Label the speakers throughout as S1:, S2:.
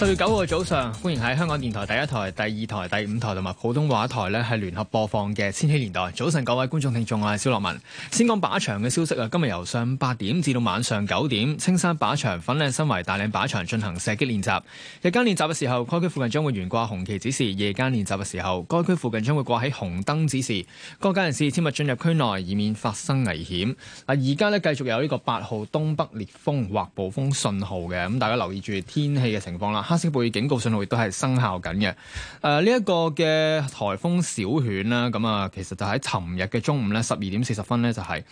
S1: 十月九號早上，歡迎喺香港電台第一台、第二台、第五台同埋普通話台呢係聯合播放嘅《千禧年代》。早晨各位觀眾聽眾啊，我係蕭樂文。先講靶場嘅消息啊，今日由上午八點至到晚上九點，青山靶場粉嶺新圍大嶺靶場進行射擊練習。日間練習嘅時候，該區附近將會懸掛紅旗指示，夜間練習嘅時候，該區附近將會掛起紅燈指示。各界人士切勿進入區內，以免發生危險。而家呢，繼續有呢個八號東北烈風或暴風信號嘅，咁大家留意住天氣嘅情況啦。黑色暴雨警告信號亦都係生效緊嘅。誒呢一個嘅颱風小犬啦，咁啊其實就喺尋日嘅中午咧十二點四十分咧就係，是，誒，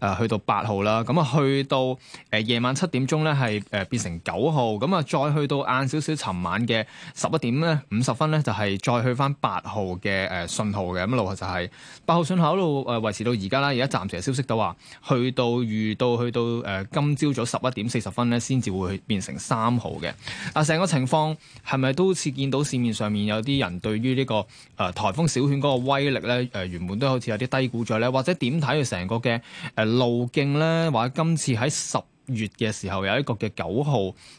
S1: 呃、去到八號啦。咁啊去到誒夜，呃、晚七點鐘咧係誒變成九號。咁啊再去到晏少少尋晚嘅十一點咧五十分咧就係再去返八號嘅誒信號嘅。咁路下就係八號信號一路誒維持到而家啦。而家暫時消息都話去到遇到去到誒今朝早十一點四十分咧先至會變成三號嘅。嗱、呃、成個情方係咪都好似見到市面上面有啲人對於呢、這個誒台、呃、風小犬嗰個威力咧誒、呃、原本都好似有啲低估咗咧，或者點睇佢成個嘅誒、呃、路徑咧？或者今次喺十月嘅時候有一個嘅九號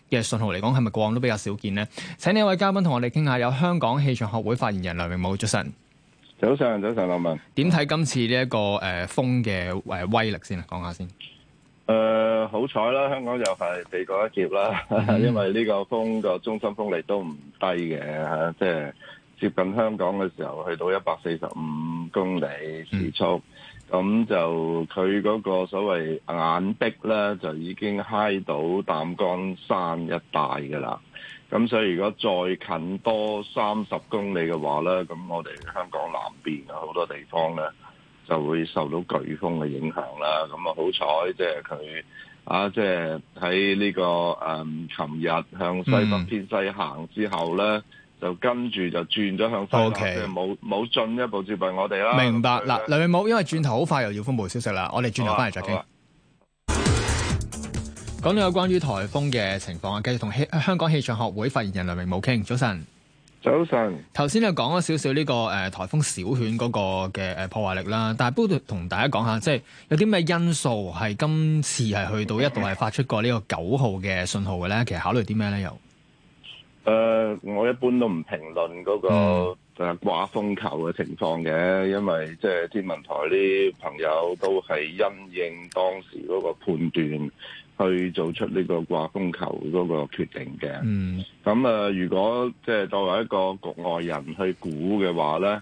S1: 嘅信號嚟講，係咪過往都比較少見呢？請呢一位嘉賓同我哋傾下，有香港氣象學會發言人梁榮武早晨。
S2: 早上，
S1: 早上，劉文。點睇今次呢、這、一個誒、呃、風嘅誒、呃、威力先啊？講下先。
S2: 誒好彩啦，香港又係避過一劫啦，因為呢個風個中心風力都唔低嘅嚇，即係接近香港嘅時候去到一百四十五公里時速，咁、嗯、就佢嗰個所謂眼壁咧，就已經嗨到淡江山一帶㗎啦。咁所以如果再近多三十公里嘅話咧，咁我哋香港南邊啊好多地方咧。就會受到颶風嘅影響啦，咁啊好彩，即係佢啊，即係喺呢個誒，琴、嗯、日向西北偏西行之後咧，就跟住就轉咗向西啦，冇、okay. 冇、啊、進一步接近我哋啦。明白嗱，梁榮
S1: 武，因為轉頭好快又要風暴消息啦，我哋轉頭翻嚟再傾。講到有關於台風嘅情況啊，繼續同香港氣象學會發言人梁榮武傾早晨。
S2: 早晨，
S1: 頭先又講咗少少呢個誒颱風小犬嗰個嘅誒破壞力啦，但係不過同大家講一下，即係有啲咩因素係今次係去到一度係發出過這個呢個九號嘅信號嘅咧？其實考慮啲咩咧？又、
S2: 呃、誒，我一般都唔評論嗰個誒掛風球嘅情況嘅、嗯，因為即係、就是、天文台啲朋友都係因應當時嗰個判斷。去做出呢個掛風球嗰個決定嘅。咁、嗯、啊、呃，如果即係、呃呃、作為一個局外人去估嘅話咧，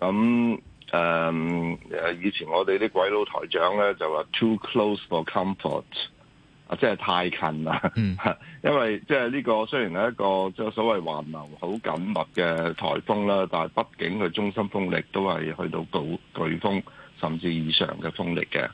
S2: 咁、呃、誒以前我哋啲鬼佬台長咧就話 too close for comfort 啊、呃，即係太近啦、 呃嗯。因為即係呢個雖然係一個即係所謂環流好緊密嘅颱風啦，但係畢竟佢中心風力都係去到颶颶風甚至以上嘅風力嘅。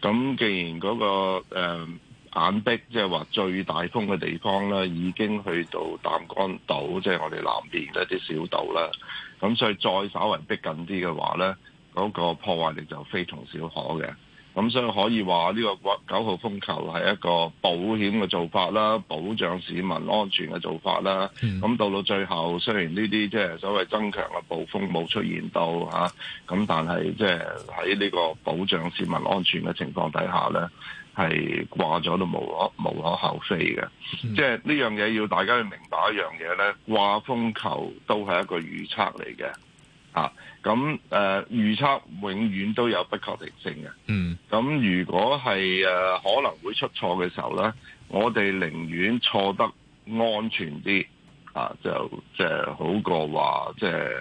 S2: 咁、嗯、既然嗰、那個、呃眼壁即係話最大風嘅地方咧，已經去到擔桿島，即係我哋南邊一啲小島啦。咁所以再稍為逼近啲嘅話咧，嗰個破壞力就非同小可嘅。咁所以可以話呢個九號風球係一個保險嘅做法啦，保障市民安全嘅做法啦。咁，嗯，到到最後，雖然呢啲即係所謂增強嘅暴風冇出現到吓，咁但係即係喺呢個保障市民安全嘅情況底下咧。係掛咗都無可無可厚非嘅、嗯，即係呢樣嘢，要大家去明白一樣嘢咧，掛風球都係一個預測嚟嘅，吓，咁誒預測永遠都有不確定性嘅。嗯，咁如果係誒、呃、可能會出錯嘅時候咧，我哋寧願錯得安全啲啊，就即係好過話即係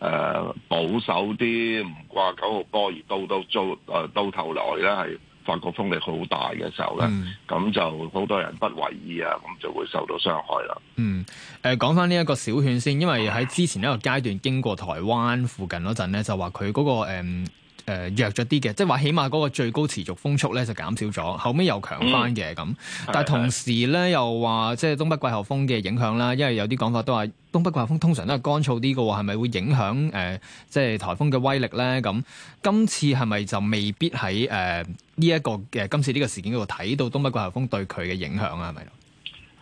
S2: 誒保守啲唔掛九號波，而到到做誒到，到頭來咧係。發覺風力好大嘅時候咧，咁、嗯、就好多人不為意啊，咁就會受到傷害啦。
S1: 嗯，誒講翻呢一個小犬先，因為喺之前一個階段經過台灣附近嗰陣咧，就話佢嗰個、嗯誒、呃，弱咗啲嘅，即係話起碼嗰個最高持續風速咧就減少咗，後尾又強翻嘅咁。但係同時咧又話，即係東北季候風嘅影響啦，因為有啲講法都話東北季候風通常都係乾燥啲嘅喎，係咪會影響誒、呃，即係颱風嘅威力咧？咁今次係咪就未必喺誒呢一個嘅今次呢個事件嗰度睇到東北季候風對佢嘅影響啊？係咪？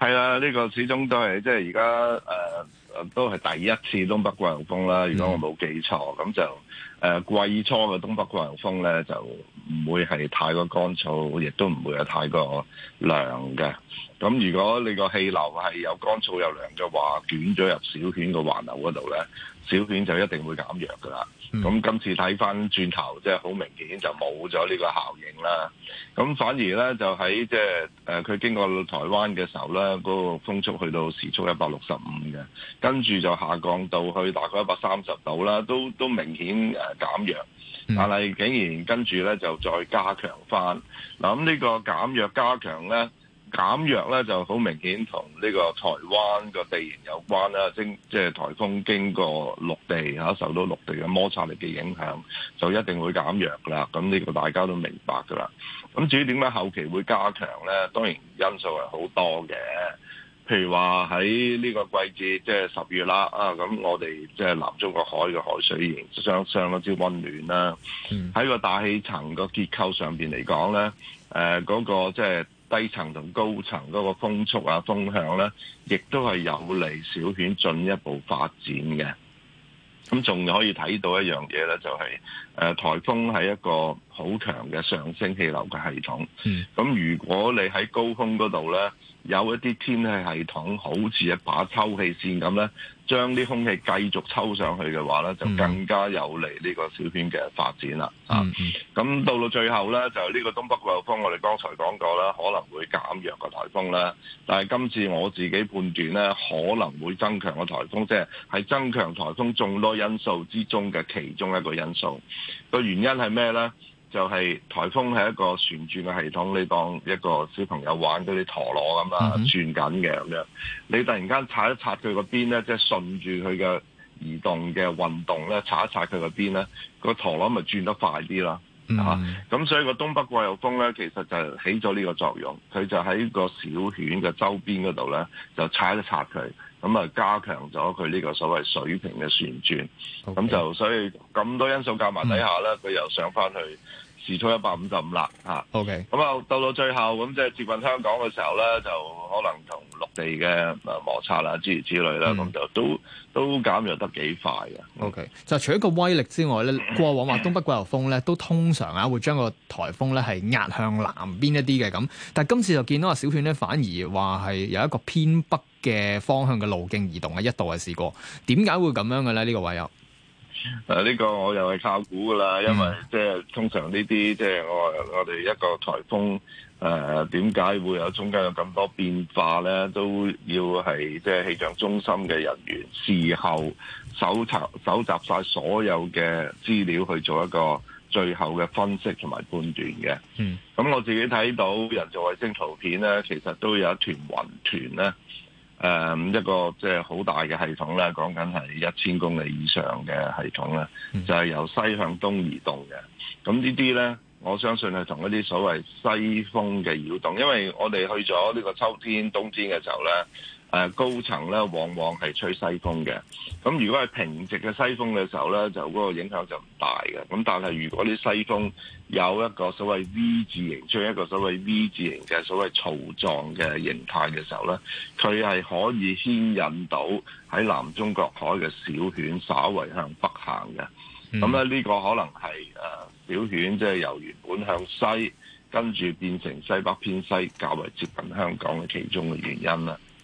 S2: 係啊，呢個始終都係即係而家誒都係第一次東北季候風啦。如果我冇記錯咁就。嗯嗯誒、啊、季初嘅東北季候風咧，就唔會係太過乾燥，亦都唔會係太過涼嘅。咁如果你個氣流係有乾燥又涼嘅話，捲咗入小犬嘅環流嗰度咧，小犬就一定會減弱噶啦。咁今次睇翻轉頭，即係好明顯就冇咗呢個效應啦。咁反而咧就喺即係誒佢經過台灣嘅時候咧，嗰、那個風速去到時速一百六十五嘅，跟住就下降到去大概一百三十度啦，都都明顯。減、嗯、弱，但係竟然跟住咧就再加強翻。嗱，咁呢個減弱加強咧，減弱咧就好明顯同呢個台灣個地形有關啦。即即係台風經過陸地，吓受到陸地嘅摩擦力嘅影響，就一定會減弱啦。咁呢個大家都明白噶啦。咁至於點解後期會加強咧，當然因素係好多嘅。譬如話喺呢個季節，即係十月啦，啊咁我哋即係南中國海嘅海水仍相相當之温暖啦。喺個大氣層個結構上邊嚟講咧，誒、那、嗰個即係低層同高層嗰個風速啊風向咧，亦都係有利小犬進一步發展嘅。咁仲可以睇到一樣嘢咧，就係誒台風係一個好強嘅上升氣流嘅系統。咁、嗯、如果你喺高空嗰度咧，有一啲天氣系統好似一把抽氣扇咁咧。將啲空氣繼續抽上去嘅話咧，就更加有利呢個小犬嘅發展啦。啊，咁到到最後咧，就呢個東北季候風，我哋剛才講過啦，可能會減弱個颱風啦。但係今次我自己判斷咧，可能會增強個颱風，即係係增強颱風眾多因素之中嘅其中一個因素。個原因係咩咧？就係、是、颱風係一個旋轉嘅系統，你當一個小朋友玩嗰啲陀螺咁啊，轉緊嘅咁樣。Mm-hmm. 你突然間擦一擦佢個邊咧，即係順住佢嘅移動嘅運動咧，擦一擦佢個邊咧，個陀螺咪轉得快啲囉。啊，咁所以個東北季候風咧，其實就起咗呢個作用。佢就喺個小犬嘅周邊嗰度咧，就擦一擦佢。.咁啊，加強咗佢呢個所謂水平嘅旋轉。咁、okay. 就所以咁多因素夾埋底下咧，佢又上翻去。時速一百五十五啦吓，OK，咁啊到到最後咁即係接近香港嘅時候咧，就可能同陸地嘅摩擦啦之類之類咧，咁、嗯、就都都減弱得幾快嘅
S1: ，OK、嗯。就除咗個威力之外咧，過往話東北季候風咧都通常啊會將個颱風咧係壓向南邊一啲嘅咁，但係今次就見到啊小犬咧反而話係有一個偏北嘅方向嘅路徑移動啊，一度係試過，點解會咁樣嘅咧？呢、這個位有。
S2: 誒、啊，呢、這個我又係靠估噶啦，因為即係通常呢啲即係我我哋一個颱風誒，點、啊、解會有中間有咁多變化咧？都要係即係氣象中心嘅人員事後搜集搜集晒所有嘅資料去做一個最後嘅分析同埋判斷嘅。咁、嗯、我自己睇到人造衛星圖片咧，其實都有一團雲團咧。誒，一個即係好大嘅系統啦，講緊係一千公里以上嘅系統啦，就係、是、由西向東移動嘅。咁呢啲咧，我相信係同一啲所謂西風嘅擾動，因為我哋去咗呢個秋天、冬天嘅時候咧。誒，高層咧，往往係吹西風嘅。咁如果係平直嘅西風嘅時候咧，就、那、嗰個影響就唔大嘅。咁但係如果啲西風有一個所謂 V 字形，出一個所謂 V 字形嘅所謂槽狀嘅形態嘅時候咧，佢係可以牽引到喺南中國海嘅小犬稍為向北行嘅。咁咧呢個可能係誒小犬即係、就是、由原本向西，跟住變成西北偏西，較為接近香港嘅其中嘅原因啦。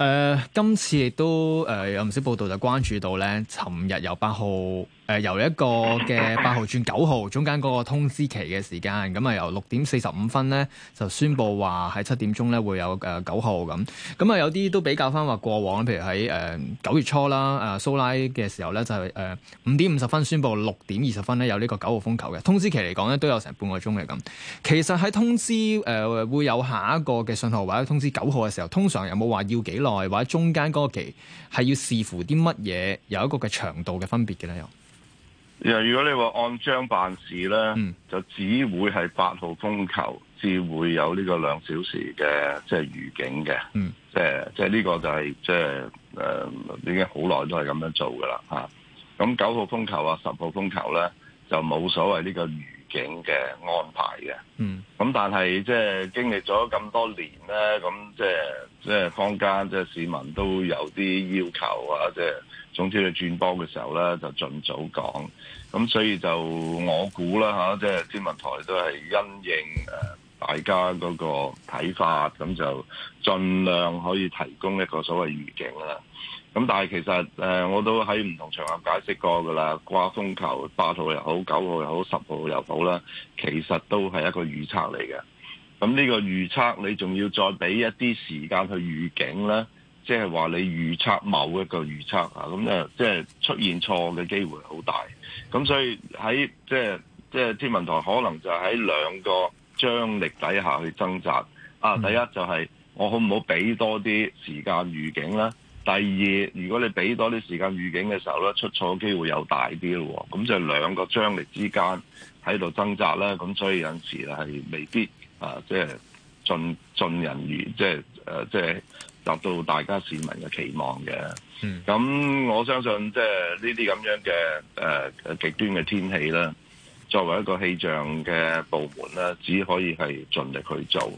S1: 誒、呃、今次亦都有唔少報道就關注到咧，尋日由八號由一個嘅八號轉九號，中間嗰個通知期嘅時間，咁啊由六點四十五分咧就宣佈話喺七點鐘咧會有九號咁，咁啊有啲都比較翻話過往，譬如喺九月初啦，誒蘇拉嘅時候咧就係、是、五點五十分宣佈六點二十分咧有呢個九號風球嘅通知期嚟講咧都有成半個鐘嘅咁。其實喺通知誒、呃、會有下一個嘅信號或者通知九號嘅時候，通常有冇話要幾耐？內或者中間嗰期係要視乎啲乜嘢，有一個嘅長度嘅分別嘅咧。又，
S2: 如果你話按章辦事咧，嗯，就只會係八號風球，至會有呢個兩小時嘅即係預警嘅。嗯，即係即係呢個就係即係誒已經好耐都係咁樣做噶啦。吓，咁九號風球啊，十號風球咧，就冇所謂呢個預警嘅安排嘅，嗯，咁但係即係經歷咗咁多年咧，咁即係即係坊間即係市民都有啲要求啊，即係總之你轉波嘅時候咧，就盡早講，咁所以就我估啦吓，即係天文台都係因應誒，大家嗰個睇法，咁就盡量可以提供一個所謂預警啦。咁但係其實誒，我都喺唔同場合解釋過噶啦，掛風球八號又好，九號又好，十號又好啦，其實都係一個預測嚟嘅。咁呢個預測，你仲要再俾一啲時間去預警咧，即係話你預測某一個預測啊，咁即係出現錯嘅機會好大。咁所以喺即係即係天文台可能就喺兩個張力底下去掙扎啊。第一就係、是、我好唔好俾多啲時間預警咧？第二，如果你俾多啲時間預警嘅時候咧，出錯機會又大啲咯，咁就兩個張力之間喺度掙扎啦，咁所以有陣時係未必啊，即係盡盡人願，即係誒，即係達到大家市民嘅期望嘅。咁、嗯、我相信即係呢啲咁樣嘅誒、呃、極端嘅天氣咧，作為一個氣象嘅部門咧，只可以係盡力去做。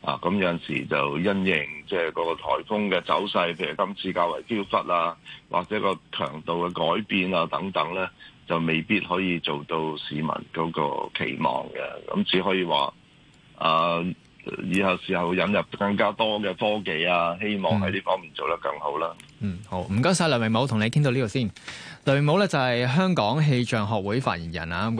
S2: 啊，咁有陣時就因應即係嗰個颱風嘅走勢，譬如今次較為飄忽啊，或者個強度嘅改變啊等等咧，就未必可以做到市民嗰個期望嘅，咁只可以話啊，以後時候引入更加多嘅科技啊，希望喺呢方面做得更好
S1: 啦。嗯，好，唔該晒，梁榮武，同你傾到呢度先。梁榮武咧就係、是、香港氣象學會發言人啊。